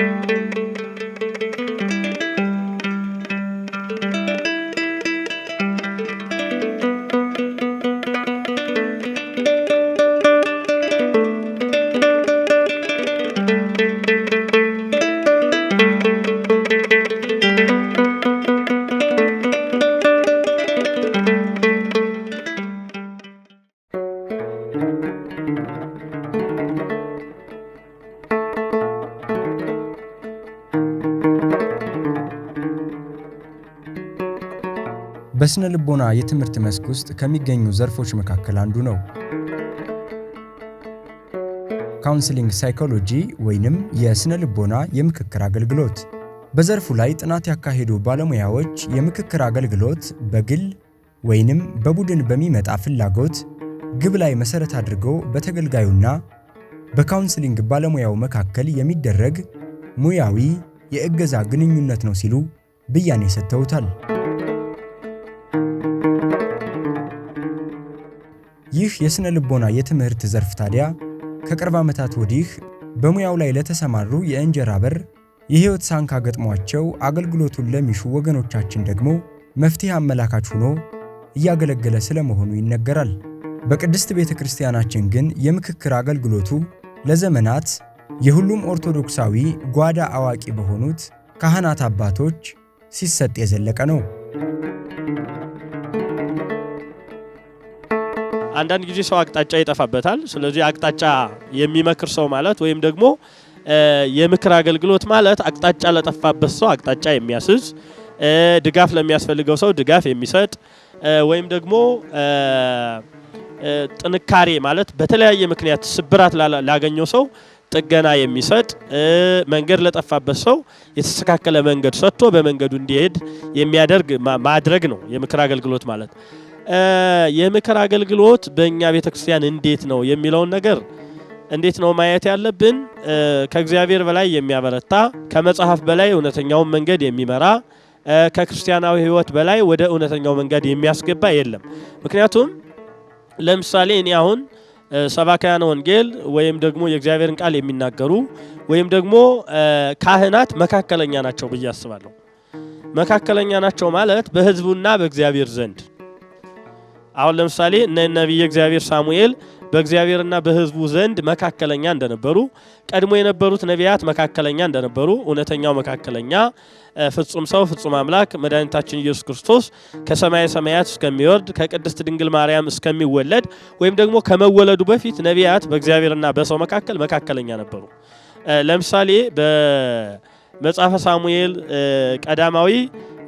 Música ልቦና የትምህርት መስክ ውስጥ ከሚገኙ ዘርፎች መካከል አንዱ ነው። ካውንስሊንግ ሳይኮሎጂ ወይንም የስነ ልቦና የምክክር አገልግሎት በዘርፉ ላይ ጥናት ያካሄዱ ባለሙያዎች የምክክር አገልግሎት በግል ወይንም በቡድን በሚመጣ ፍላጎት ግብ ላይ መሰረት አድርጎ በተገልጋዩና በካውንስሊንግ ባለሙያው መካከል የሚደረግ ሙያዊ የእገዛ ግንኙነት ነው ሲሉ ብያኔ ሰጥተውታል። ይህ የሥነ ልቦና የትምህርት ዘርፍ ታዲያ ከቅርብ ዓመታት ወዲህ በሙያው ላይ ለተሰማሩ የእንጀራ በር የሕይወት ሳንካ ገጥሟቸው አገልግሎቱን ለሚሹ ወገኖቻችን ደግሞ መፍትሄ አመላካች ሆኖ እያገለገለ ስለመሆኑ ይነገራል። በቅድስት ቤተ ክርስቲያናችን ግን የምክክር አገልግሎቱ ለዘመናት የሁሉም ኦርቶዶክሳዊ ጓዳ አዋቂ በሆኑት ካህናት አባቶች ሲሰጥ የዘለቀ ነው። አንዳንድ ጊዜ ሰው አቅጣጫ ይጠፋበታል። ስለዚህ አቅጣጫ የሚመክር ሰው ማለት ወይም ደግሞ የምክር አገልግሎት ማለት አቅጣጫ ለጠፋበት ሰው አቅጣጫ የሚያስዝ ድጋፍ ለሚያስፈልገው ሰው ድጋፍ የሚሰጥ ወይም ደግሞ ጥንካሬ ማለት በተለያየ ምክንያት ስብራት ላገኘው ሰው ጥገና የሚሰጥ መንገድ ለጠፋበት ሰው የተስተካከለ መንገድ ሰጥቶ በመንገዱ እንዲሄድ የሚያደርግ ማድረግ ነው የምክር አገልግሎት ማለት። የምክር አገልግሎት በእኛ ቤተክርስቲያን እንዴት ነው የሚለውን ነገር እንዴት ነው ማየት ያለብን? ከእግዚአብሔር በላይ የሚያበረታ ከመጽሐፍ በላይ እውነተኛውን መንገድ የሚመራ ከክርስቲያናዊ ሕይወት በላይ ወደ እውነተኛው መንገድ የሚያስገባ የለም። ምክንያቱም ለምሳሌ እኔ አሁን ሰባካያን ወንጌል ወይም ደግሞ የእግዚአብሔርን ቃል የሚናገሩ ወይም ደግሞ ካህናት መካከለኛ ናቸው ብዬ አስባለሁ። መካከለኛ ናቸው ማለት በህዝቡና በእግዚአብሔር ዘንድ አሁን ለምሳሌ እነ ነቢየ እግዚአብሔር ሳሙኤል በእግዚአብሔርና በሕዝቡ ዘንድ መካከለኛ እንደነበሩ ቀድሞ የነበሩት ነቢያት መካከለኛ እንደነበሩ እውነተኛው መካከለኛ ፍጹም ሰው ፍጹም አምላክ መድኃኒታችን ኢየሱስ ክርስቶስ ከሰማይ ሰማያት እስከሚወርድ ከቅድስት ድንግል ማርያም እስከሚወለድ ወይም ደግሞ ከመወለዱ በፊት ነቢያት በእግዚአብሔርና በሰው መካከል መካከለኛ ነበሩ። ለምሳሌ በመጽሐፈ ሳሙኤል ቀዳማዊ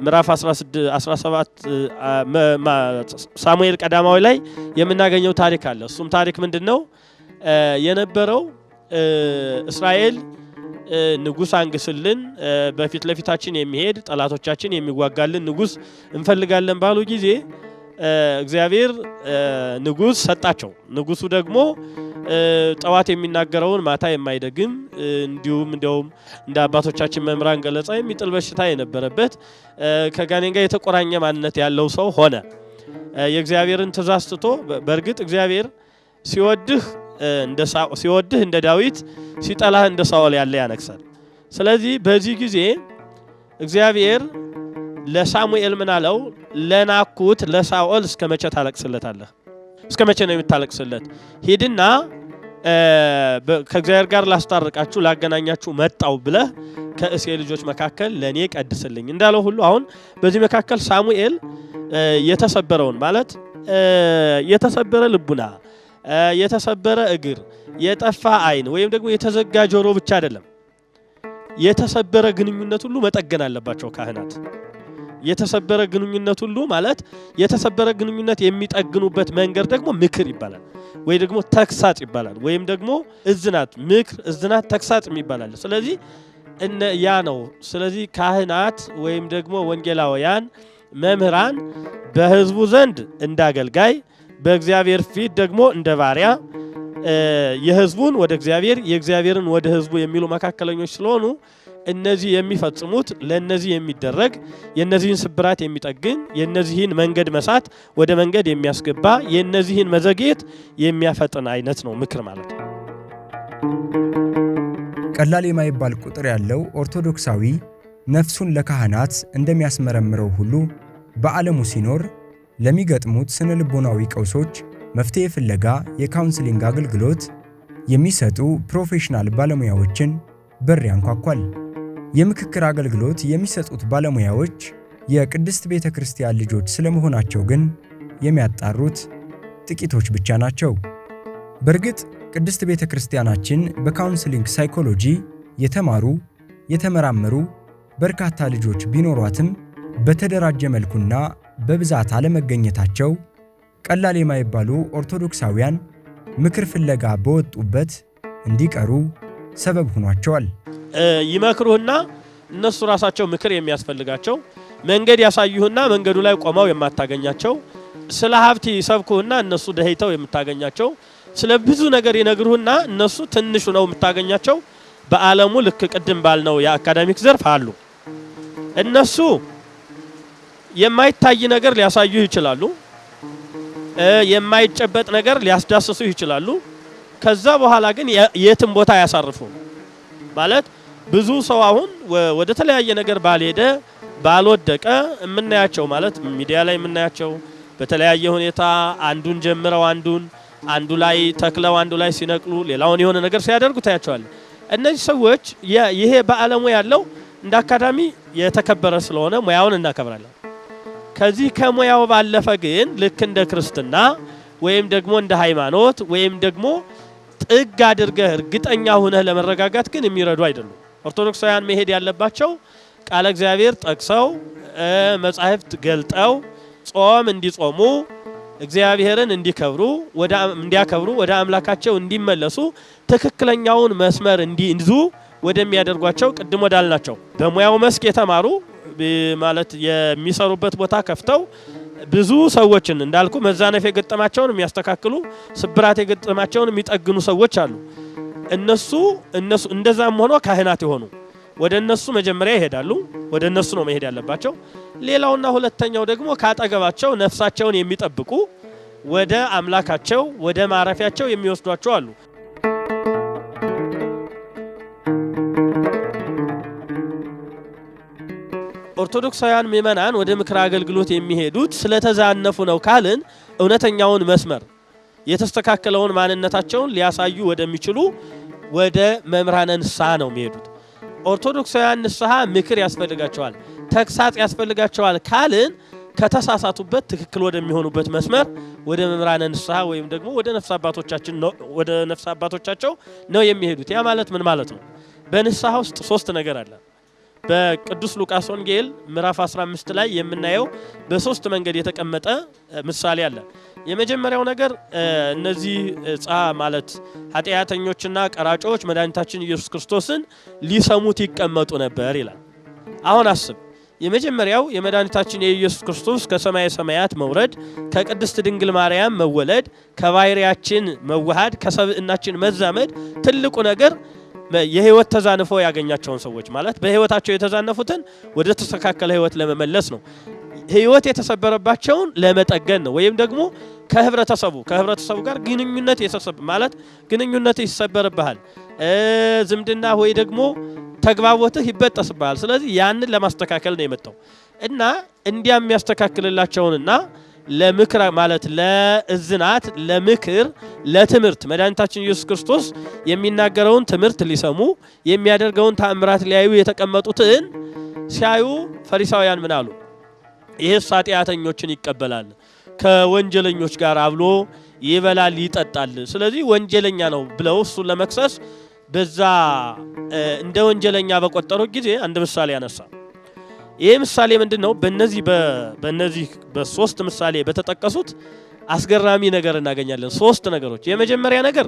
ምዕራፍ 17 ሳሙኤል ቀዳማዊ ላይ የምናገኘው ታሪክ አለ። እሱም ታሪክ ምንድን ነው የነበረው? እስራኤል ንጉስ አንግስልን፣ በፊት ለፊታችን የሚሄድ ጠላቶቻችን የሚዋጋልን ንጉስ እንፈልጋለን ባሉ ጊዜ እግዚአብሔር ንጉስ ሰጣቸው። ንጉሱ ደግሞ ጠዋት የሚናገረውን ማታ የማይደግም እንዲሁም እንዲያውም እንደ አባቶቻችን መምህራን ገለጻ የሚጥል በሽታ የነበረበት ከጋኔን ጋር የተቆራኘ ማንነት ያለው ሰው ሆነ። የእግዚአብሔርን ትእዛዝ ትቶ በእርግጥ እግዚአብሔር ሲወድህ ሲወድህ እንደ ዳዊት ሲጠላህ እንደ ሳኦል ያለ ያነግሳል። ስለዚህ በዚህ ጊዜ እግዚአብሔር ለሳሙኤል ምን አለው? ለናኩት ለሳኦል እስከ መቼ ታለቅስለታለህ? እስከ መቼ ነው የምታለቅስለት? ሂድና ከእግዚአብሔር ጋር ላስታርቃችሁ ላገናኛችሁ መጣው ብለህ ከእሴ ልጆች መካከል ለእኔ ቀድስልኝ እንዳለው ሁሉ አሁን በዚህ መካከል ሳሙኤል የተሰበረውን ማለት የተሰበረ ልቡና፣ የተሰበረ እግር፣ የጠፋ አይን ወይም ደግሞ የተዘጋ ጆሮ ብቻ አይደለም የተሰበረ ግንኙነት ሁሉ መጠገን አለባቸው ካህናት። የተሰበረ ግንኙነት ሁሉ ማለት የተሰበረ ግንኙነት የሚጠግኑበት መንገድ ደግሞ ምክር ይባላል፣ ወይ ደግሞ ተግሳጽ ይባላል፣ ወይም ደግሞ እዝናት፣ ምክር፣ እዝናት፣ ተግሳጽ ይባላል። ስለዚህ ያ ነው። ስለዚህ ካህናት ወይም ደግሞ ወንጌላውያን መምህራን በህዝቡ ዘንድ እንደ አገልጋይ በእግዚአብሔር ፊት ደግሞ እንደ ባሪያ የህዝቡን ወደ እግዚአብሔር የእግዚአብሔርን ወደ ህዝቡ የሚሉ መካከለኞች ስለሆኑ እነዚህ የሚፈጽሙት ለእነዚህ የሚደረግ የእነዚህን ስብራት የሚጠግን የእነዚህን መንገድ መሳት ወደ መንገድ የሚያስገባ የእነዚህን መዘግየት የሚያፈጥን አይነት ነው ምክር ማለት ነው። ቀላል የማይባል ቁጥር ያለው ኦርቶዶክሳዊ ነፍሱን ለካህናት እንደሚያስመረምረው ሁሉ በዓለሙ ሲኖር ለሚገጥሙት ስነ ልቦናዊ ቀውሶች መፍትሄ ፍለጋ የካውንስሊንግ አገልግሎት የሚሰጡ ፕሮፌሽናል ባለሙያዎችን በር ያንኳኳል። የምክክር አገልግሎት የሚሰጡት ባለሙያዎች የቅድስት ቤተ ክርስቲያን ልጆች ስለመሆናቸው ግን የሚያጣሩት ጥቂቶች ብቻ ናቸው። በእርግጥ ቅድስት ቤተ ክርስቲያናችን በካውንስሊንግ ሳይኮሎጂ የተማሩ የተመራመሩ በርካታ ልጆች ቢኖሯትም በተደራጀ መልኩና በብዛት አለመገኘታቸው ቀላል የማይባሉ ኦርቶዶክሳውያን ምክር ፍለጋ በወጡበት እንዲቀሩ ሰበብ ሆኗቸዋል። ይመክሩህና እነሱ ራሳቸው ምክር የሚያስፈልጋቸው መንገድ ያሳዩህና መንገዱ ላይ ቆመው የማታገኛቸው ስለ ሀብት ይሰብኩህና እነሱ ደህይተው የምታገኛቸው ስለ ብዙ ነገር ይነግሩህና እነሱ ትንሹ ነው የምታገኛቸው። በዓለሙ ልክ ቅድም ባልነው የአካዳሚክ ዘርፍ አሉ። እነሱ የማይታይ ነገር ሊያሳዩህ ይችላሉ። የማይጨበጥ ነገር ሊያስዳስሱ ይችላሉ። ከዛ በኋላ ግን የትም ቦታ አያሳርፉ ማለት ብዙ ሰው አሁን ወደ ተለያየ ነገር ባልሄደ ባልወደቀ የምናያቸው ማለት ሚዲያ ላይ የምናያቸው በተለያየ ሁኔታ አንዱን ጀምረው አንዱን አንዱ ላይ ተክለው አንዱ ላይ ሲነቅሉ ሌላውን የሆነ ነገር ሲያደርጉ ታያቸዋል። እነዚህ ሰዎች ይሄ በዓለሙ ያለው እንደ አካዳሚ የተከበረ ስለሆነ ሙያውን እናከብራለን። ከዚህ ከሙያው ባለፈ ግን ልክ እንደ ክርስትና ወይም ደግሞ እንደ ሃይማኖት ወይም ደግሞ ጥግ አድርገህ እርግጠኛ ሁነህ ለመረጋጋት ግን የሚረዱ አይደሉም። ኦርቶዶክሳውያን መሄድ ያለባቸው ቃለ እግዚአብሔር ጠቅሰው መጻሕፍት ገልጠው ጾም እንዲጾሙ እግዚአብሔርን እንዲከብሩ እንዲያከብሩ ወደ አምላካቸው እንዲመለሱ ትክክለኛውን መስመር እንዲይዙ ወደሚያደርጓቸው ቅድም ወዳልናቸው በሙያው መስክ የተማሩ ማለት የሚሰሩበት ቦታ ከፍተው ብዙ ሰዎችን እንዳልኩ መዛነፍ የገጠማቸውን የሚያስተካክሉ፣ ስብራት የገጠማቸውን የሚጠግኑ ሰዎች አሉ። እነሱ እነሱ እንደዛም ሆኖ ካህናት የሆኑ ወደ እነሱ መጀመሪያ ይሄዳሉ። ወደ እነሱ ነው መሄድ ያለባቸው። ሌላውና ሁለተኛው ደግሞ ካጠገባቸው ነፍሳቸውን የሚጠብቁ ወደ አምላካቸው ወደ ማረፊያቸው የሚወስዷቸው አሉ። ኦርቶዶክሳውያን ምእመናን ወደ ምክር አገልግሎት የሚሄዱት ስለተዛነፉ ነው ካልን እውነተኛውን መስመር የተስተካከለውን ማንነታቸውን ሊያሳዩ ወደሚችሉ ወደ መምህራነ ንስሐ ነው የሚሄዱት። ኦርቶዶክሳውያን ንስሐ ምክር ያስፈልጋቸዋል፣ ተግሳጽ ያስፈልጋቸዋል ካልን ከተሳሳቱበት ትክክል ወደሚሆኑበት መስመር ወደ መምህራነ ንስሐ ወይም ደግሞ ወደ ነፍስ አባቶቻችን ወደ ነፍስ አባቶቻቸው ነው የሚሄዱት። ያ ማለት ምን ማለት ነው? በንስሐ ውስጥ ሶስት ነገር አለ። በቅዱስ ሉቃስ ወንጌል ምዕራፍ 15 ላይ የምናየው በሶስት መንገድ የተቀመጠ ምሳሌ አለ። የመጀመሪያው ነገር እነዚህ ጻ ማለት ኃጢአተኞችና ቀራጮች መድኃኒታችን ኢየሱስ ክርስቶስን ሊሰሙት ይቀመጡ ነበር ይላል። አሁን አስብ። የመጀመሪያው የመድኃኒታችን የኢየሱስ ክርስቶስ ከሰማይ ሰማያት መውረድ፣ ከቅድስት ድንግል ማርያም መወለድ፣ ከባይሪያችን መዋሃድ፣ ከሰብእናችን መዛመድ ትልቁ ነገር የህይወት ተዛንፎ ያገኛቸውን ሰዎች ማለት በህይወታቸው የተዛነፉትን ወደ ተስተካከለ ህይወት ለመመለስ ነው። ህይወት የተሰበረባቸውን ለመጠገን ነው። ወይም ደግሞ ከህብረተሰቡ ከህብረተሰቡ ጋር ግንኙነት ማለት ግንኙነት ይሰበርብሃል፣ ዝምድና ወይ ደግሞ ተግባቦትህ ይበጠስብሃል። ስለዚህ ያንን ለማስተካከል ነው የመጣው እና እንዲያ የሚያስተካክልላቸውንና ለምክር ማለት ለእዝናት ለምክር ለትምህርት መድኃኒታችን ኢየሱስ ክርስቶስ የሚናገረውን ትምህርት ሊሰሙ የሚያደርገውን ታምራት ሊያዩ የተቀመጡትን ሲያዩ ፈሪሳውያን ምን አሉ? ይህስ ኃጢአተኞችን ይቀበላል፣ ከወንጀለኞች ጋር አብሎ ይበላል ይጠጣል። ስለዚህ ወንጀለኛ ነው ብለው እሱን ለመክሰስ በዛ እንደ ወንጀለኛ በቆጠሩት ጊዜ አንድ ምሳሌ ያነሳ። ይህ ምሳሌ ምንድን ነው? በነዚህ በነዚህ በሶስት ምሳሌ በተጠቀሱት አስገራሚ ነገር እናገኛለን። ሶስት ነገሮች። የመጀመሪያ ነገር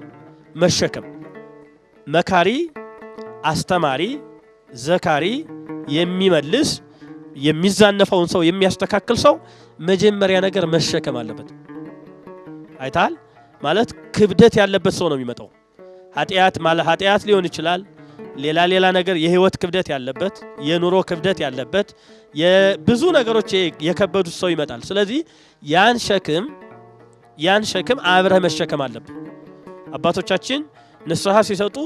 መሸከም፣ መካሪ፣ አስተማሪ፣ ዘካሪ፣ የሚመልስ የሚዛነፈውን ሰው የሚያስተካክል ሰው መጀመሪያ ነገር መሸከም አለበት። አይታል ማለት ክብደት ያለበት ሰው ነው የሚመጣው። ኃጢአት ማለት ኃጢአት ሊሆን ይችላል። ሌላ ሌላ ነገር የህይወት ክብደት ያለበት፣ የኑሮ ክብደት ያለበት፣ የብዙ ነገሮች የከበዱት ሰው ይመጣል። ስለዚህ ያን ሸክም ያን ሸክም አብረህ መሸከም አለብን። አባቶቻችን ንስሐ ሲሰጡ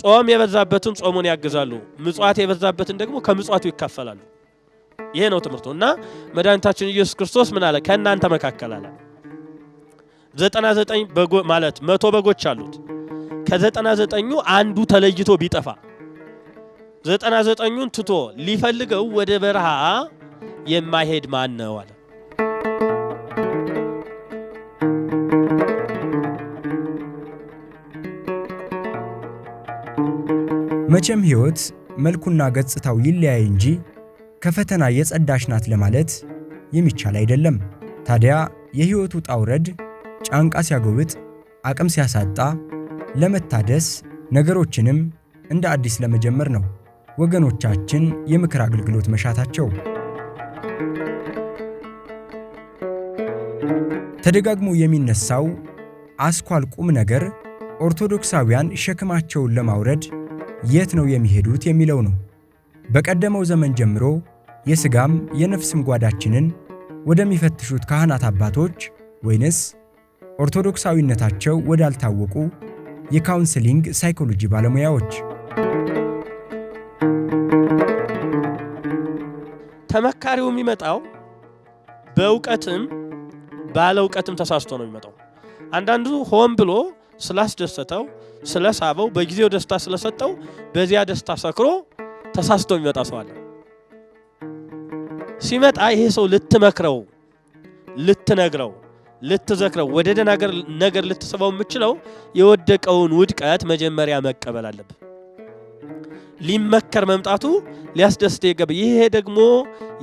ጾም የበዛበትን ጾሙን ያግዛሉ፣ ምጽዋት የበዛበትን ደግሞ ከምጽዋቱ ይካፈላሉ። ይሄ ነው ትምህርቱ። እና መድኃኒታችን ኢየሱስ ክርስቶስ ምን አለ? ከእናንተ መካከል አለ ዘጠና ዘጠኝ ማለት መቶ በጎች አሉት። ከዘጠና ዘጠኙ አንዱ ተለይቶ ቢጠፋ ዘጠና ዘጠኙን ትቶ ሊፈልገው ወደ በረሃ የማይሄድ ማን ነው አለ። መቼም ህይወት መልኩና ገጽታው ይለያይ እንጂ ከፈተና የጸዳሽ ናት ለማለት የሚቻል አይደለም። ታዲያ የሕይወቱ ውጣ ውረድ ጫንቃ ሲያጎብጥ፣ አቅም ሲያሳጣ ለመታደስ ነገሮችንም እንደ አዲስ ለመጀመር ነው ወገኖቻችን የምክር አገልግሎት መሻታቸው። ተደጋግሞ የሚነሳው አስኳል ቁም ነገር ኦርቶዶክሳውያን ሸክማቸውን ለማውረድ የት ነው የሚሄዱት የሚለው ነው። በቀደመው ዘመን ጀምሮ የሥጋም የነፍስም ጓዳችንን ወደሚፈትሹት ካህናት አባቶች ወይንስ ኦርቶዶክሳዊነታቸው ወዳልታወቁ የካውንስሊንግ ሳይኮሎጂ ባለሙያዎች ተመካሪው የሚመጣው በእውቀትም ባለ እውቀትም ተሳስቶ ነው የሚመጣው። አንዳንዱ ሆን ብሎ ስላስደሰተው ስለሳበው፣ በጊዜው ደስታ ስለሰጠው በዚያ ደስታ ሰክሮ ተሳስቶ የሚመጣ ሰው አለ። ሲመጣ ይሄ ሰው ልትመክረው፣ ልትነግረው፣ ልትዘክረው ወደ ደናገር ነገር ልትስበው የምችለው የወደቀውን ውድቀት መጀመሪያ መቀበል አለብን። ሊመከር መምጣቱ ሊያስደስት ይገብ። ይሄ ደግሞ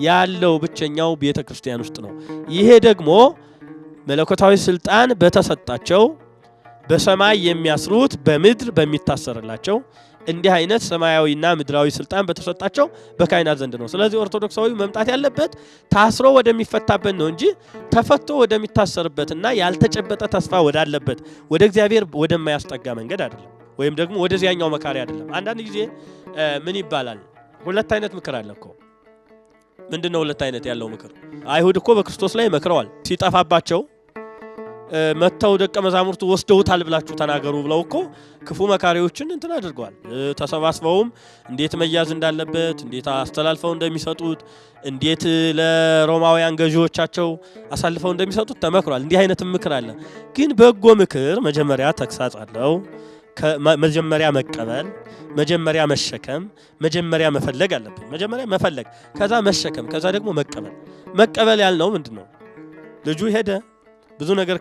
ያለው ብቸኛው ቤተ ክርስቲያን ውስጥ ነው። ይሄ ደግሞ መለኮታዊ ስልጣን በተሰጣቸው በሰማይ የሚያስሩት በምድር በሚታሰርላቸው እንዲህ አይነት ሰማያዊና ምድራዊ ስልጣን በተሰጣቸው በካህናት ዘንድ ነው። ስለዚህ ኦርቶዶክሳዊ መምጣት ያለበት ታስሮ ወደሚፈታበት ነው እንጂ ተፈቶ ወደሚታሰርበትና ያልተጨበጠ ተስፋ ወዳለበት ወደ እግዚአብሔር ወደማያስጠጋ መንገድ አይደለም፣ ወይም ደግሞ ወደዚያኛው መካሪ አይደለም። አንዳንድ ጊዜ ምን ይባላል? ሁለት አይነት ምክር አለ እኮ። ምንድን ነው ሁለት አይነት ያለው ምክር? አይሁድ እኮ በክርስቶስ ላይ መክረዋል ሲጠፋባቸው መጥተው ደቀ መዛሙርቱ ወስደውታል ብላችሁ ተናገሩ ብለው እኮ ክፉ መካሪዎችን እንትን አድርገዋል። ተሰባስበውም እንዴት መያዝ እንዳለበት፣ እንዴት አስተላልፈው እንደሚሰጡት፣ እንዴት ለሮማውያን ገዢዎቻቸው አሳልፈው እንደሚሰጡት ተመክሯል። እንዲህ አይነትም ምክር አለ። ግን በጎ ምክር መጀመሪያ ተግሳጽ አለው። መጀመሪያ መቀበል፣ መጀመሪያ መሸከም፣ መጀመሪያ መፈለግ አለብን። መጀመሪያ መፈለግ፣ ከዛ መሸከም፣ ከዛ ደግሞ መቀበል። መቀበል ያልነው ምንድን ነው? ልጁ ሄደ ብዙ ነገር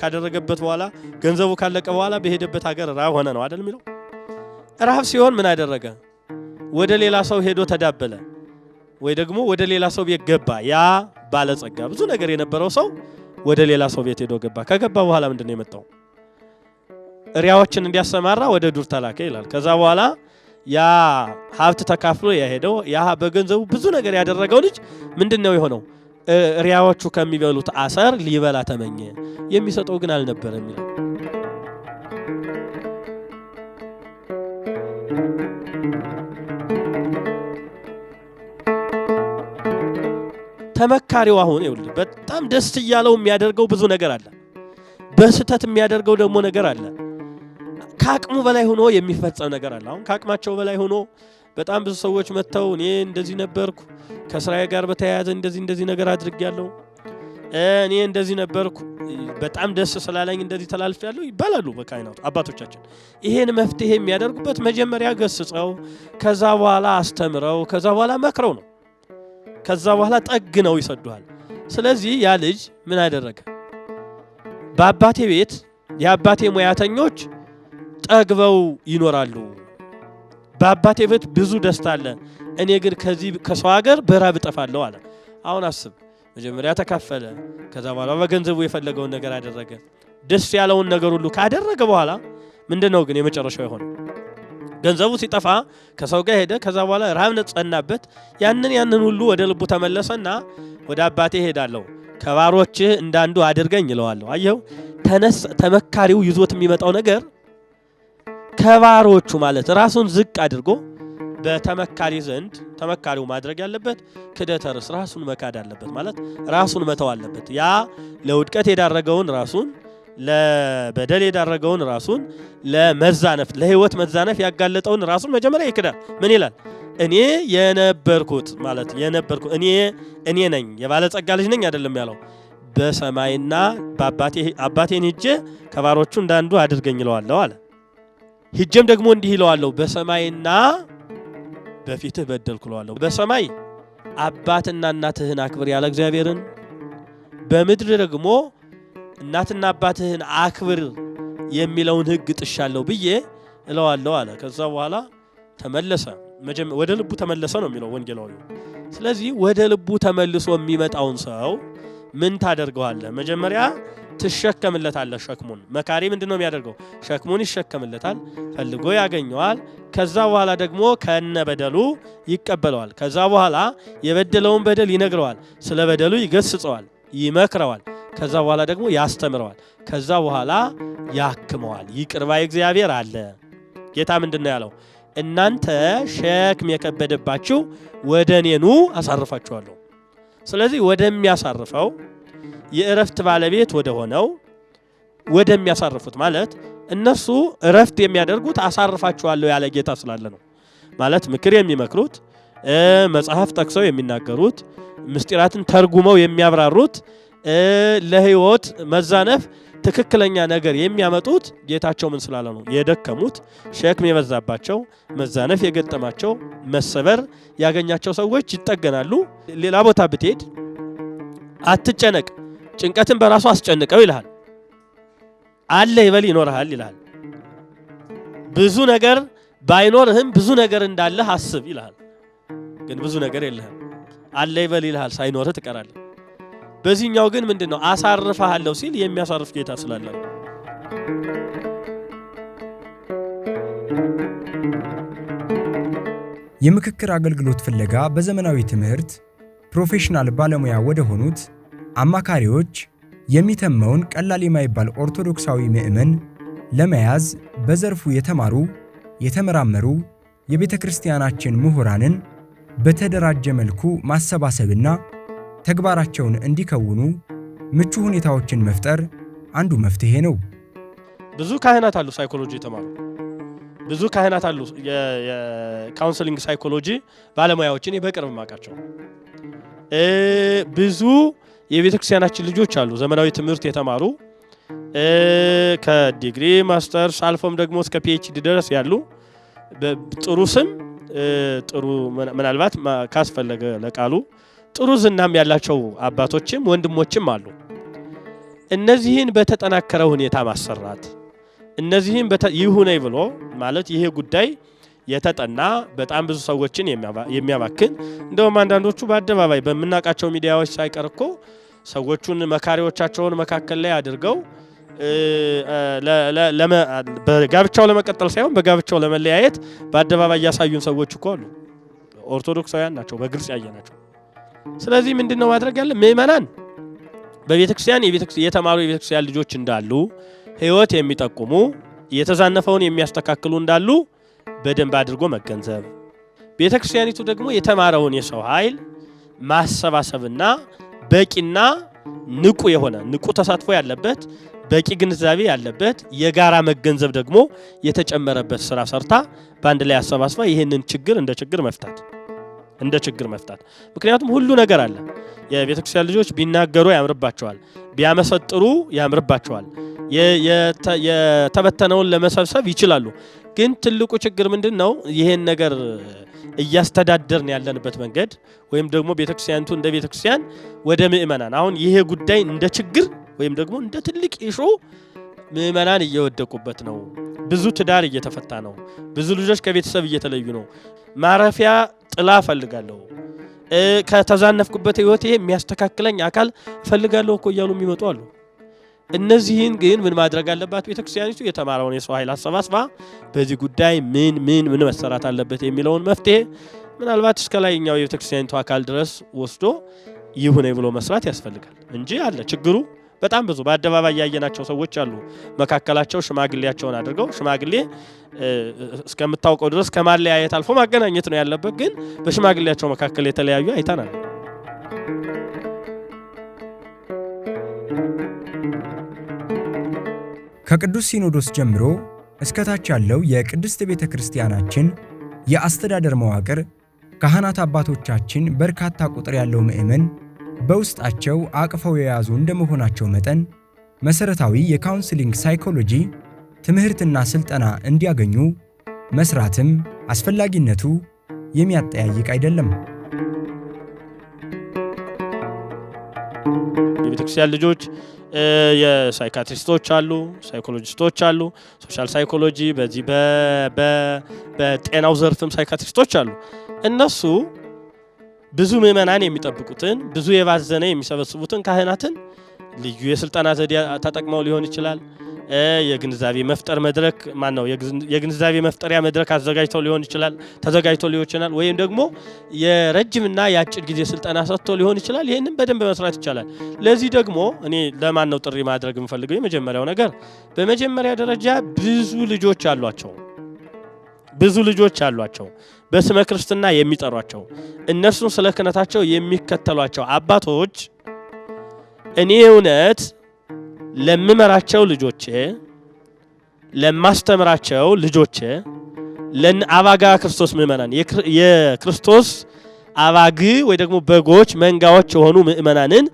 ካደረገበት በኋላ ገንዘቡ ካለቀ በኋላ በሄደበት ሀገር ራብ ሆነ ነው አደል የሚለው። ራብ ሲሆን ምን አደረገ? ወደ ሌላ ሰው ሄዶ ተዳበለ፣ ወይ ደግሞ ወደ ሌላ ሰው ቤት ገባ። ያ ባለጸጋ ብዙ ነገር የነበረው ሰው ወደ ሌላ ሰው ቤት ሄዶ ገባ። ከገባ በኋላ ምንድን ነው የመጣው? እሪያዎችን እንዲያሰማራ ወደ ዱር ተላከ ይላል። ከዛ በኋላ ያ ሀብት ተካፍሎ ያሄደው ያ በገንዘቡ ብዙ ነገር ያደረገው ልጅ ምንድን ነው የሆነው? እሪያዎቹ ከሚበሉት አሰር ሊበላ ተመኘ፣ የሚሰጠው ግን አልነበረም ይላል። ተመካሪው አሁን ይውል በጣም ደስ እያለው የሚያደርገው ብዙ ነገር አለ። በስህተት የሚያደርገው ደግሞ ነገር አለ። ከአቅሙ በላይ ሆኖ የሚፈጸም ነገር አለ። አሁን ከአቅማቸው በላይ ሆኖ በጣም ብዙ ሰዎች መጥተው እኔ እንደዚህ ነበርኩ፣ ከስራዬ ጋር በተያያዘ እንደዚህ እንደዚህ ነገር አድርጌያለሁ፣ እኔ እንደዚህ ነበርኩ፣ በጣም ደስ ስላለኝ እንደዚህ ተላልፌያለሁ ይባላሉ በካይናቱ አባቶቻችን። ይሄን መፍትሄ የሚያደርጉበት መጀመሪያ ገስጸው፣ ከዛ በኋላ አስተምረው፣ ከዛ በኋላ መክረው ነው። ከዛ በኋላ ጠግ ነው ይሰዱሃል። ስለዚህ ያ ልጅ ምን አደረገ? በአባቴ ቤት የአባቴ ሙያተኞች ጠግበው ይኖራሉ። በአባቴ ቤት ብዙ ደስታ አለ፣ እኔ ግን ከዚህ ከሰው ሀገር በራብ እጠፋለሁ አለ። አሁን አስብ፣ መጀመሪያ ተካፈለ፣ ከዛ በኋላ በገንዘቡ የፈለገውን ነገር አደረገ። ደስ ያለውን ነገር ሁሉ ካደረገ በኋላ ምንድን ነው ግን የመጨረሻው የሆነ? ገንዘቡ ሲጠፋ ከሰው ጋር ሄደ። ከዛ በኋላ ረሃብ ነጸናበት። ያንን ያንን ሁሉ ወደ ልቡ ተመለሰና ወደ አባቴ ሄዳለሁ ከባሮችህ እንዳንዱ አድርገኝ ይለዋለሁ። አየው ተመካሪው ይዞት የሚመጣው ነገር ከባሮቹ ማለት ራሱን ዝቅ አድርጎ በተመካሪ ዘንድ ተመካሪው ማድረግ ያለበት ክደተ ርዕስ ራሱን መካድ አለበት ማለት ራሱን መተው አለበት። ያ ለውድቀት የዳረገውን ራሱን ለበደል የዳረገውን ራሱን ለመዛነፍ ለህይወት መዛነፍ ያጋለጠውን ራሱን መጀመሪያ ይክዳል። ምን ይላል? እኔ የነበርኩት ማለት የነበርኩ እኔ እኔ ነኝ የባለጸጋ ልጅ ነኝ አይደለም ያለው በሰማይና በአባቴ አባቴን ሄጄ ከባሮቹ እንዳንዱ አድርገኝ እለዋለሁ አለ። ሂጀም ደግሞ እንዲህ ይለዋለሁ፣ በሰማይና በፊትህ በደልኩ እለዋለሁ። በሰማይ አባትና እናትህን አክብር ያለ እግዚአብሔርን፣ በምድር ደግሞ እናትና አባትህን አክብር የሚለውን ሕግ ጥሻለሁ ብዬ እለዋለሁ አለ። ከዛ በኋላ ተመለሰ፣ ወደ ልቡ ተመለሰ ነው የሚለው ወንጌላዊ። ስለዚህ ወደ ልቡ ተመልሶ የሚመጣውን ሰው ምን ታደርገዋለህ? መጀመሪያ ትሸከምለታለህ ሸክሙን። መካሪ ምንድን ነው የሚያደርገው? ሸክሙን ይሸከምለታል፣ ፈልጎ ያገኘዋል። ከዛ በኋላ ደግሞ ከነ በደሉ ይቀበለዋል። ከዛ በኋላ የበደለውን በደል ይነግረዋል፣ ስለ በደሉ ይገስጸዋል፣ ይመክረዋል። ከዛ በኋላ ደግሞ ያስተምረዋል። ከዛ በኋላ ያክመዋል። ይቅርባ የእግዚአብሔር እግዚአብሔር አለ። ጌታ ምንድን ነው ያለው? እናንተ ሸክም የከበደባችሁ ወደ እኔ አሳርፋችኋለሁ። ስለዚህ ወደሚያሳርፈው የእረፍት ባለቤት ወደ ሆነው ወደሚያሳርፉት ማለት እነሱ እረፍት የሚያደርጉት አሳርፋችኋለሁ ያለ ጌታ ስላለ ነው። ማለት ምክር የሚመክሩት መጽሐፍ ጠቅሰው የሚናገሩት ምስጢራትን ተርጉመው የሚያብራሩት ለህይወት መዛነፍ ትክክለኛ ነገር የሚያመጡት ጌታቸው ምን ስላለ ነው። የደከሙት፣ ሸክም የበዛባቸው፣ መዛነፍ የገጠማቸው፣ መሰበር ያገኛቸው ሰዎች ይጠገናሉ። ሌላ ቦታ ብትሄድ አትጨነቅ ጭንቀትን በራሱ አስጨንቀው ይልሃል። አለ ይበል ይኖርሃል ይልሃል። ብዙ ነገር ባይኖርህም ብዙ ነገር እንዳለህ አስብ ይልሃል። ግን ብዙ ነገር የለህም። አለ ይበል ይልሃል፣ ሳይኖርህ ትቀራለህ። በዚህኛው ግን ምንድን ነው አሳርፈሃለሁ ሲል የሚያሳርፍ ጌታ ስላለ የምክክር አገልግሎት ፍለጋ በዘመናዊ ትምህርት ፕሮፌሽናል ባለሙያ ወደ ሆኑት አማካሪዎች የሚተመውን ቀላል የማይባል ኦርቶዶክሳዊ ምዕመን ለመያዝ በዘርፉ የተማሩ የተመራመሩ የቤተ ክርስቲያናችን ምሁራንን በተደራጀ መልኩ ማሰባሰብና ተግባራቸውን እንዲከውኑ ምቹ ሁኔታዎችን መፍጠር አንዱ መፍትሄ ነው። ብዙ ካህናት አሉ ሳይኮሎጂ የተማሩ ብዙ ካህናት አሉ የካውንስሊንግ ሳይኮሎጂ ባለሙያዎችን በቅርብ ማውቃቸው ብዙ የቤተ ክርስቲያናችን ልጆች አሉ። ዘመናዊ ትምህርት የተማሩ ከዲግሪ ማስተርስ አልፎም ደግሞ እስከ ፒኤችዲ ድረስ ያሉ ጥሩ ስም ጥሩ ምናልባት ካስፈለገ ለቃሉ ጥሩ ዝናም ያላቸው አባቶችም ወንድሞችም አሉ። እነዚህን በተጠናከረ ሁኔታ ማሰራት እነዚህን ይሁነኝ ብሎ ማለት ይሄ ጉዳይ የተጠና በጣም ብዙ ሰዎችን የሚያባክን እንደውም አንዳንዶቹ በአደባባይ በምናውቃቸው ሚዲያዎች ሳይቀር እኮ ሰዎቹን መካሪዎቻቸውን መካከል ላይ አድርገው በጋብቻው ለመቀጠል ሳይሆን በጋብቻው ለመለያየት በአደባባይ እያሳዩን ሰዎች እኮ አሉ። ኦርቶዶክሳውያን ናቸው፣ በግልጽ ያየ ናቸው። ስለዚህ ምንድን ነው ማድረግ ያለ ምእመናን በቤተክርስቲያን የተማሩ የቤተክርስቲያን ልጆች እንዳሉ ህይወት የሚጠቁሙ የተዛነፈውን የሚያስተካክሉ እንዳሉ በደንብ አድርጎ መገንዘብ፣ ቤተ ክርስቲያኒቱ ደግሞ የተማረውን የሰው ኃይል ማሰባሰብና በቂና ንቁ የሆነ ንቁ ተሳትፎ ያለበት በቂ ግንዛቤ ያለበት የጋራ መገንዘብ ደግሞ የተጨመረበት ስራ ሰርታ በአንድ ላይ አሰባስባ ይህንን ችግር እንደ ችግር መፍታት እንደ ችግር መፍታት። ምክንያቱም ሁሉ ነገር አለ። የቤተ ክርስቲያን ልጆች ቢናገሩ ያምርባቸዋል፣ ቢያመሰጥሩ ያምርባቸዋል። የተበተነውን ለመሰብሰብ ይችላሉ። ግን ትልቁ ችግር ምንድን ነው? ይሄን ነገር እያስተዳደርን ያለንበት መንገድ ወይም ደግሞ ቤተክርስቲያንቱ እንደ ቤተክርስቲያን ወደ ምእመናን አሁን ይሄ ጉዳይ እንደ ችግር ወይም ደግሞ እንደ ትልቅ ይሾ ምእመናን እየወደቁበት ነው። ብዙ ትዳር እየተፈታ ነው። ብዙ ልጆች ከቤተሰብ እየተለዩ ነው። ማረፊያ ጥላ እፈልጋለሁ፣ ከተዛነፍኩበት ህይወት ይሄ የሚያስተካክለኝ አካል እፈልጋለሁ እኮ እያሉ የሚመጡ አሉ። እነዚህን ግን ምን ማድረግ አለባት? ቤተክርስቲያኒቱ የተማረውን የሰው ኃይል አሰባስባ በዚህ ጉዳይ ምን ምን ምን መሰራት አለበት የሚለውን መፍትሄ ምናልባት እስከ ላይኛው የቤተክርስቲያኒቱ አካል ድረስ ወስዶ ይሁነ ብሎ መስራት ያስፈልጋል እንጂ አለ ችግሩ በጣም ብዙ በአደባባይ ያየናቸው ሰዎች አሉ። መካከላቸው ሽማግሌያቸውን አድርገው ሽማግሌ እስከምታውቀው ድረስ ከማለያየት አልፎ ማገናኘት ነው ያለበት። ግን በሽማግሌያቸው መካከል የተለያዩ አይተናል። ከቅዱስ ሲኖዶስ ጀምሮ እስከታች ያለው የቅድስት ቤተ ክርስቲያናችን የአስተዳደር መዋቅር ካህናት አባቶቻችን በርካታ ቁጥር ያለው ምእመን በውስጣቸው አቅፈው የያዙ እንደመሆናቸው መጠን መሰረታዊ የካውንስሊንግ ሳይኮሎጂ ትምህርትና ስልጠና እንዲያገኙ መስራትም አስፈላጊነቱ የሚያጠያይቅ አይደለም። የቤተክርስቲያን ልጆች የሳይካትሪስቶች አሉ፣ ሳይኮሎጂስቶች አሉ፣ ሶሻል ሳይኮሎጂ በዚህ በጤናው ዘርፍም ሳይካትሪስቶች አሉ። እነሱ ብዙ ምዕመናን የሚጠብቁትን ብዙ የባዘነ የሚሰበስቡትን ካህናትን ልዩ የስልጠና ዘዴ ተጠቅመው ሊሆን ይችላል የግንዛቤ መፍጠር መድረክ ማን ነው የግንዛቤ መፍጠሪያ መድረክ አዘጋጅተው ሊሆን ይችላል፣ ተዘጋጅተው ሊሆን ይችላል። ወይም ደግሞ የረጅምና የአጭር ጊዜ ስልጠና ሰጥቶ ሊሆን ይችላል። ይህንን በደንብ መስራት ይቻላል። ለዚህ ደግሞ እኔ ለማን ነው ጥሪ ማድረግ የምፈልገው? የመጀመሪያው ነገር በመጀመሪያ ደረጃ ብዙ ልጆች አሏቸው ብዙ ልጆች አሏቸው በስመ ክርስትና የሚጠሯቸው እነሱን ስለ ክነታቸው የሚከተሏቸው አባቶች እኔ እውነት ለምመራቸው ልጆቼ፣ ለማስተምራቸው ልጆቼ፣ ለአባጋ ክርስቶስ ምእመናን የክርስቶስ አባግ ወይ ደግሞ በጎች መንጋዎች የሆኑ ምእመናንን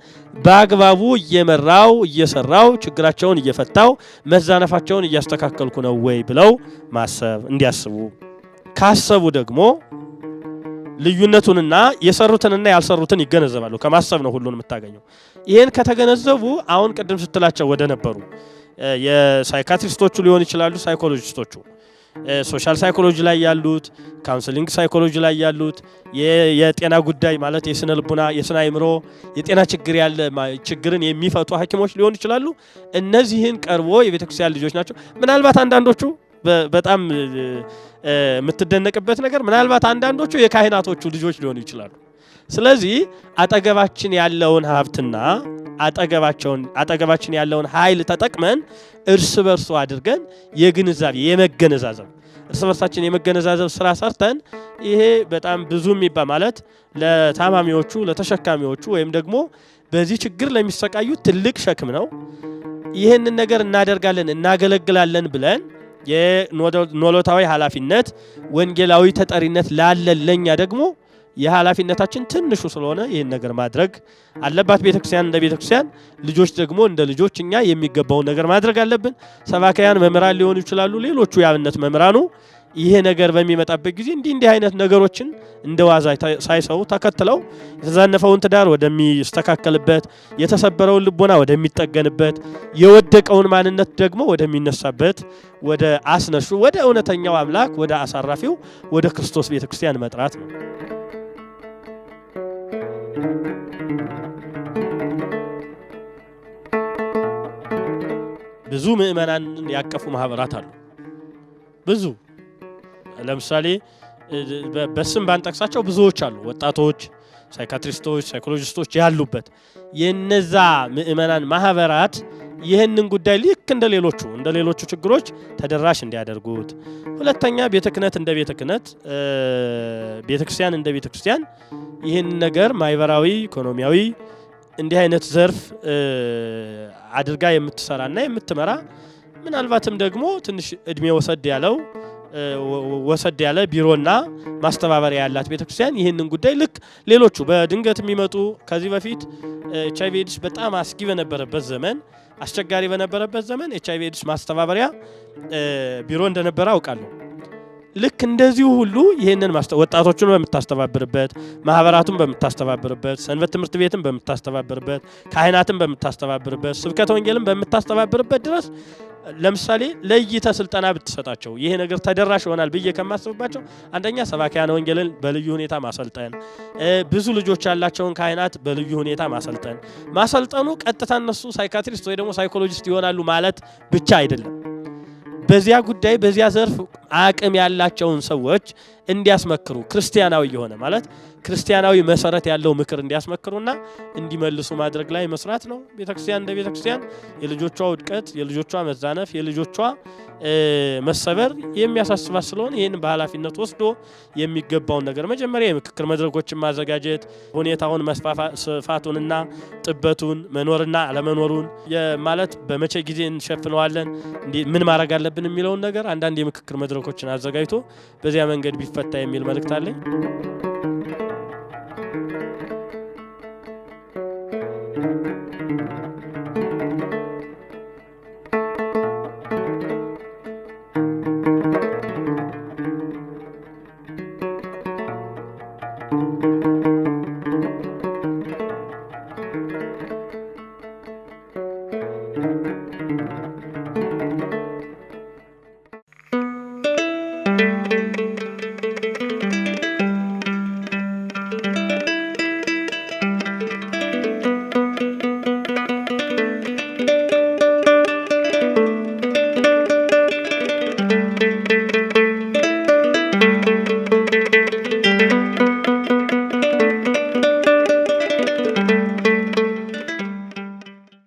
በአግባቡ እየመራው እየሰራው ችግራቸውን እየፈታው መዛነፋቸውን እያስተካከልኩ ነው ወይ ብለው ማሰብ እንዲያስቡ ካሰቡ ደግሞ ልዩነቱንና የሰሩትንና ያልሰሩትን ይገነዘባሉ። ከማሰብ ነው ሁሉን የምታገኘው። ይህን ከተገነዘቡ አሁን ቅድም ስትላቸው ወደ ነበሩ የሳይካትሪስቶቹ ሊሆን ይችላሉ፣ ሳይኮሎጂስቶቹ ሶሻል ሳይኮሎጂ ላይ ያሉት፣ ካውንስሊንግ ሳይኮሎጂ ላይ ያሉት የጤና ጉዳይ ማለት የስነ ልቡና፣ የስነ አይምሮ፣ የጤና ችግር ያለ ችግርን የሚፈቱ ሐኪሞች ሊሆኑ ይችላሉ። እነዚህን ቀርቦ የቤተክርስቲያን ልጆች ናቸው። ምናልባት አንዳንዶቹ በጣም የምትደነቅበት ነገር ምናልባት አንዳንዶቹ የካህናቶቹ ልጆች ሊሆኑ ይችላሉ። ስለዚህ አጠገባችን ያለውን ሀብትና አጠገባችን ያለውን ኃይል ተጠቅመን እርስ በርሱ አድርገን የግንዛቤ የመገነዛዘብ እርስ በርሳችን የመገነዛዘብ ስራ ሰርተን ይሄ በጣም ብዙ የሚባል ማለት ለታማሚዎቹ ለተሸካሚዎቹ ወይም ደግሞ በዚህ ችግር ለሚሰቃዩ ትልቅ ሸክም ነው። ይህንን ነገር እናደርጋለን እናገለግላለን ብለን የኖሎታዊ ኃላፊነት ወንጌላዊ ተጠሪነት ላለን ለኛ ደግሞ የኃላፊነታችን ትንሹ ስለሆነ ይህን ነገር ማድረግ አለባት ቤተክርስቲያን። እንደ ቤተክርስቲያን ልጆች ደግሞ እንደ ልጆች እኛ የሚገባውን ነገር ማድረግ አለብን። ሰባካያን መምህራን ሊሆኑ ይችላሉ። ሌሎቹ የአብነት መምህራኑ ይሄ ነገር በሚመጣበት ጊዜ እንዲህ እንዲህ አይነት ነገሮችን እንደ ዋዛ ሳይሰው ተከትለው የተዛነፈውን ትዳር ወደሚስተካከልበት፣ የተሰበረውን ልቦና ወደሚጠገንበት፣ የወደቀውን ማንነት ደግሞ ወደሚነሳበት ወደ አስነሹ ወደ እውነተኛው አምላክ ወደ አሳራፊው ወደ ክርስቶስ ቤተክርስቲያን መጥራት ነው። ብዙ ምእመናን ያቀፉ ማህበራት አሉ። ብዙ ለምሳሌ በስም ባንጠቅሳቸው ብዙዎች አሉ። ወጣቶች፣ ሳይካትሪስቶች፣ ሳይኮሎጂስቶች ያሉበት የነዛ ምእመናን ማህበራት ይህንን ጉዳይ ልክ እንደ ሌሎቹ እንደ ሌሎቹ ችግሮች ተደራሽ እንዲያደርጉት፣ ሁለተኛ ቤተ ክህነት እንደ ቤተ ክህነት፣ ቤተ ክርስቲያን እንደ ቤተ ክርስቲያን ይህን ነገር ማህበራዊ፣ ኢኮኖሚያዊ እንዲህ አይነት ዘርፍ አድርጋ የምትሰራና የምትመራ ምናልባትም ደግሞ ትንሽ እድሜ ወሰድ ያለው ወሰድ ያለ ቢሮና ማስተባበሪያ ያላት ቤተክርስቲያን ይህንን ጉዳይ ልክ ሌሎቹ በድንገት የሚመጡ ከዚህ በፊት ኤች ኤድስ በጣም አስጊ በነበረበት ዘመን አስቸጋሪ በነበረበት ዘመን ኤች አይቪ ኤድስ ማስተባበሪያ ቢሮ እንደነበረ አውቃለሁ። ልክ እንደዚሁ ሁሉ ይህንን ወጣቶቹን በምታስተባብርበት፣ ማህበራቱን በምታስተባብርበት፣ ሰንበት ትምህርት ቤትን በምታስተባብርበት፣ ካህናትን በምታስተባብርበት፣ ስብከተ ወንጌልን በምታስተባብርበት ድረስ ለምሳሌ ለይተ ስልጠና ብትሰጣቸው ይሄ ነገር ተደራሽ ይሆናል ብዬ ከማስብባቸው አንደኛ ሰባኪያነ ወንጌልን በልዩ ሁኔታ ማሰልጠን፣ ብዙ ልጆች ያላቸውን ካህናት በልዩ ሁኔታ ማሰልጠን። ማሰልጠኑ ቀጥታ እነሱ ሳይካትሪስት ወይ ደግሞ ሳይኮሎጂስት ይሆናሉ ማለት ብቻ አይደለም። በዚያ ጉዳይ በዚያ ዘርፍ አቅም ያላቸውን ሰዎች እንዲያስመክሩ ክርስቲያናዊ የሆነ ማለት ክርስቲያናዊ መሰረት ያለው ምክር እንዲያስመክሩና እንዲመልሱ ማድረግ ላይ መስራት ነው። ቤተክርስቲያን እንደ ቤተክርስቲያን የልጆቿ ውድቀት፣ የልጆቿ መዛነፍ፣ የልጆቿ መሰበር የሚያሳስባት ስለሆነ ይህን በኃላፊነት ወስዶ የሚገባውን ነገር መጀመሪያ የምክክር መድረኮችን ማዘጋጀት ሁኔታውን መስፋቱንና ጥበቱን መኖርና አለመኖሩን ማለት በመቼ ጊዜ እንሸፍነዋለን ምን ማድረግ አለብን የሚለውን ነገር አንዳንድ የምክክር መድረኮችን አዘጋጅቶ በዚያ መንገድ ቢፈታ የሚል መልእክት አለኝ። thank you